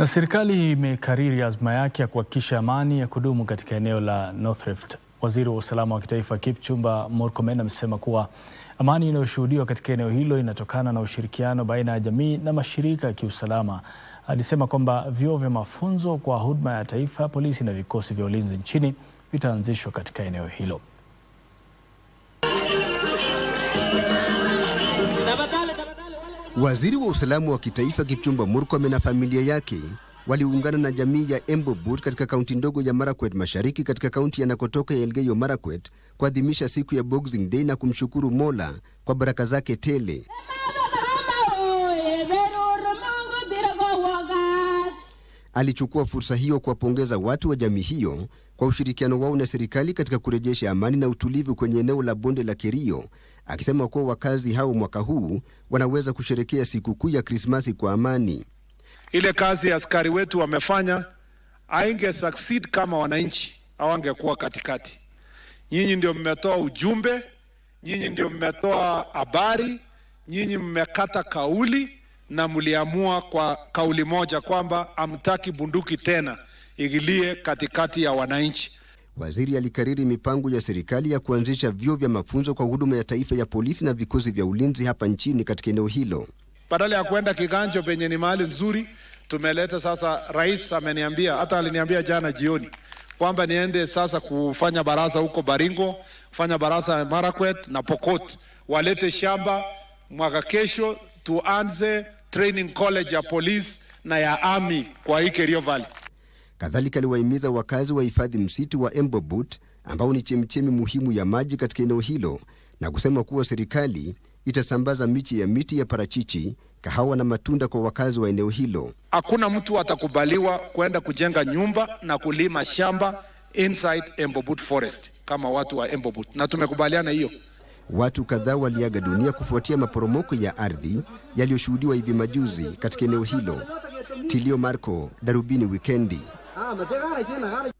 Na serikali imekariri azma yake ya kuhakikisha amani ya kudumu katika eneo la North Rift. Waziri wa usalama wa kitaifa Kipchumba Murkomen amesema kuwa amani inayoshuhudiwa katika eneo hilo inatokana na ushirikiano baina ya jamii na mashirika ya kiusalama. Alisema kwamba vyuo vya mafunzo kwa huduma ya taifa, polisi na vikosi vya ulinzi nchini vitaanzishwa katika eneo hilo. Waziri wa usalama wa kitaifa Kipchumba Murkomen na familia yake waliungana na jamii ya Embobut katika kaunti ndogo ya Marakwet Mashariki, katika kaunti yanakotoka ya Elgeyo Marakwet kuadhimisha siku ya Boxing Day na kumshukuru Mola kwa baraka zake tele. Alichukua fursa hiyo kuwapongeza watu wa jamii hiyo kwa ushirikiano wao na serikali katika kurejesha amani na utulivu kwenye eneo la bonde la Kerio akisema kuwa wakazi hao mwaka huu wanaweza kusherekea sikukuu ya Krismasi kwa amani. Ile kazi askari wetu wamefanya ainge succeed kama wananchi hawangekuwa katikati. Nyinyi ndio mmetoa ujumbe, nyinyi ndio mmetoa habari, nyinyi mmekata kauli na mliamua kwa kauli moja kwamba hamtaki bunduki tena igilie katikati ya wananchi. Waziri alikariri mipango ya serikali ya kuanzisha vyuo vya mafunzo kwa huduma ya taifa ya polisi na vikosi vya ulinzi hapa nchini katika eneo hilo. Badala ya kuenda Kiganjo penye ni mahali nzuri, tumeleta sasa. Rais ameniambia, hata aliniambia jana jioni kwamba niende sasa kufanya baraza huko Baringo, kufanya baraza Marakwet na Pokot, walete shamba mwaka kesho, tuanze training college ya polisi na ya army kwa hii Kerio Valley. Kadhalika aliwahimiza wakazi wa hifadhi msitu wa Embobut ambao ni chemchemi muhimu ya maji katika eneo hilo na kusema kuwa serikali itasambaza michi ya miti ya parachichi, kahawa na matunda kwa wakazi wa eneo hilo. Hakuna mtu atakubaliwa kwenda kujenga nyumba na kulima shamba inside Embobut forest kama watu wa Embobut, na tumekubaliana hiyo. Watu kadhaa waliaga dunia kufuatia maporomoko ya ardhi yaliyoshuhudiwa hivi majuzi katika eneo hilo. Tilio Marco, Darubini Wikendi. 啊，没这干的，没这干的。